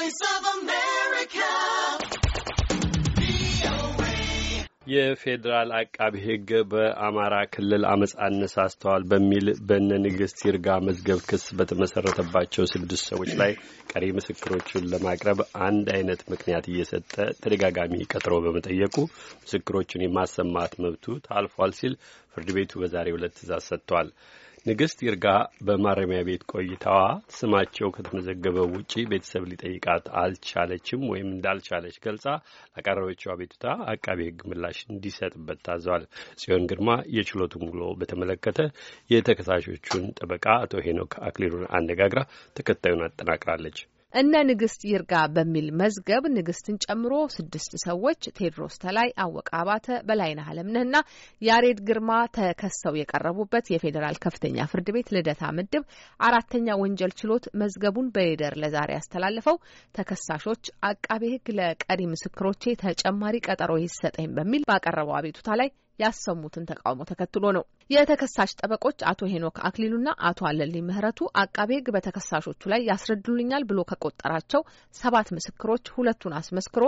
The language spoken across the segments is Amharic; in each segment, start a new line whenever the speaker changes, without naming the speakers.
Voice of America.
የፌዴራል አቃቢ ሕግ በአማራ ክልል አመፅ አነሳስተዋል በሚል በነ ንግስት ይርጋ መዝገብ ክስ በተመሰረተባቸው ስድስት ሰዎች ላይ ቀሪ ምስክሮችን ለማቅረብ አንድ አይነት ምክንያት እየሰጠ ተደጋጋሚ ቀጠሮ በመጠየቁ ምስክሮችን የማሰማት መብቱ ታልፏል ሲል ፍርድ ቤቱ በዛሬ ሁለት ትእዛዝ ሰጥቷል። ንግሥት ይርጋ በማረሚያ ቤት ቆይታዋ ስማቸው ከተመዘገበው ውጪ ቤተሰብ ሊጠይቃት አልቻለችም ወይም እንዳልቻለች ገልጻ ላቀረበችው አቤቱታ አቃቤ ሕግ ምላሽ እንዲሰጥበት ታዟል። ጽዮን ግርማ የችሎቱን ውሎ በተመለከተ የተከሳሾቹን ጠበቃ አቶ ሄኖክ አክሊሉን አነጋግራ ተከታዩን አጠናቅራለች።
እነ ንግስት ይርጋ በሚል መዝገብ ንግስትን ጨምሮ ስድስት ሰዎች ቴድሮስ ተላይ፣ አወቀ አባተ፣ በላይነህ አለምነህና ያሬድ ግርማ ተከሰው የቀረቡበት የፌዴራል ከፍተኛ ፍርድ ቤት ልደታ ምድብ አራተኛ ወንጀል ችሎት መዝገቡን በሌደር ለዛሬ ያስተላለፈው ተከሳሾች አቃቤ ሕግ ለቀሪ ምስክሮቼ ተጨማሪ ቀጠሮ ይሰጠኝ በሚል ባቀረበው አቤቱታ ላይ ያሰሙትን ተቃውሞ ተከትሎ ነው። የተከሳሽ ጠበቆች አቶ ሄኖክ አክሊሉና አቶ አለልኝ ምህረቱ አቃቤ ሕግ በተከሳሾቹ ላይ ያስረዱልኛል ብሎ ከቆጠራቸው ሰባት ምስክሮች ሁለቱን አስመስክሮ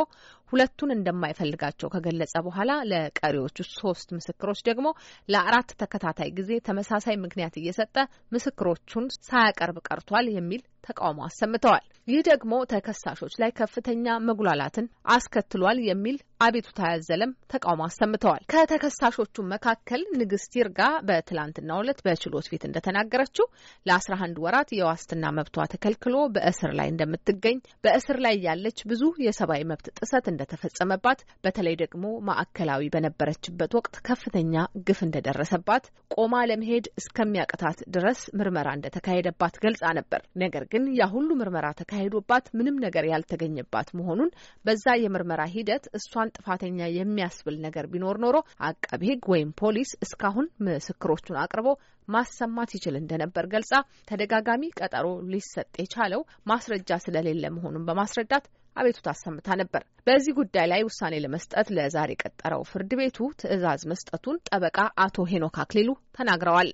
ሁለቱን እንደማይፈልጋቸው ከገለጸ በኋላ ለቀሪዎቹ ሶስት ምስክሮች ደግሞ ለአራት ተከታታይ ጊዜ ተመሳሳይ ምክንያት እየሰጠ ምስክሮቹን ሳያቀርብ ቀርቷል የሚል ተቃውሞ አሰምተዋል። ይህ ደግሞ ተከሳሾች ላይ ከፍተኛ መጉላላትን አስከትሏል የሚል አቤቱታ ያዘለም ተቃውሞ አሰምተዋል። ከተከሳሾቹ መካከል ንግስት ይርጋ በትላንትናው ዕለት በችሎት ፊት እንደተናገረችው ለ11 ወራት የዋስትና መብቷ ተከልክሎ በእስር ላይ እንደምትገኝ፣ በእስር ላይ ያለች ብዙ የሰብአዊ መብት ጥሰት እንደተፈጸመባት፣ በተለይ ደግሞ ማዕከላዊ በነበረችበት ወቅት ከፍተኛ ግፍ እንደደረሰባት፣ ቆማ ለመሄድ እስከሚያቅታት ድረስ ምርመራ እንደተካሄደባት ገልጻ ነበር። ነገር ግን ያ ሁሉ ምርመራ ተካሂዶባት ምንም ነገር ያልተገኘባት መሆኑን በዛ የምርመራ ሂደት እሷን ጥፋተኛ የሚያስብል ነገር ቢኖር ኖሮ አቃቢ ሕግ ወይም ፖሊስ እስካሁን ምስክሮቹን አቅርቦ ማሰማት ይችል እንደነበር ገልጻ ተደጋጋሚ ቀጠሮ ሊሰጥ የቻለው ማስረጃ ስለሌለ መሆኑን በማስረዳት አቤቱታ አሰምታ ነበር። በዚህ ጉዳይ ላይ ውሳኔ ለመስጠት ለዛሬ ቀጠረው ፍርድ ቤቱ ትዕዛዝ መስጠቱን ጠበቃ አቶ ሄኖክ አክሊሉ ተናግረዋል።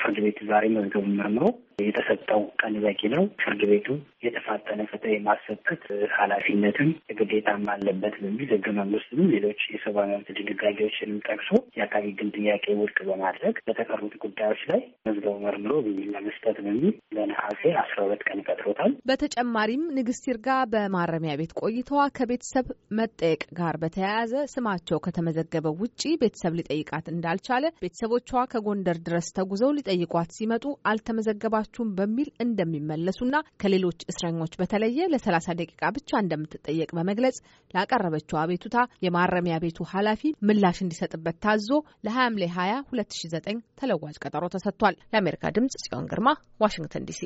ፍርድ ቤት ዛሬ መዝገቡን መርምሮ የተሰጠው ቀን በቂ ነው። ፍርድ ቤቱ የተፋጠነ ፍትህ የማሰጠት ኃላፊነትም ግዴታም አለበት በሚል ህገ መንግስትም ሌሎች የሰብአዊ መብት ድንጋጌዎችንም ጠቅሶ የአቃቤ ሕግን ጥያቄ ውድቅ በማድረግ በተቀሩት ጉዳዮች ላይ መዝገቡ መርምሮ ብይን ለመስጠት በሚል ለነሐሴ አስራ ሁለት ቀን ቀጥሮታል።
በተጨማሪም ንግስት ይርጋ በማረሚያ ቤት ቆይተዋ ከቤተሰብ መጠየቅ ጋር በተያያዘ ስማቸው ከተመዘገበው ውጪ ቤተሰብ ሊጠይቃት እንዳልቻለ ቤተሰቦቿ ከጎንደር ድረስ ተጉዘው ሊጠይቋት ሲመጡ አልተመዘገባቸው አልተለቀቃችሁም በሚል እንደሚመለሱና ከሌሎች እስረኞች በተለየ ለ30 ደቂቃ ብቻ እንደምትጠየቅ በመግለጽ ላቀረበችው አቤቱታ የማረሚያ ቤቱ ኃላፊ ምላሽ እንዲሰጥበት ታዞ ለሐምሌ 20 2009 ተለዋጭ ቀጠሮ ተሰጥቷል። ለአሜሪካ ድምጽ ጽዮን ግርማ ዋሽንግተን ዲሲ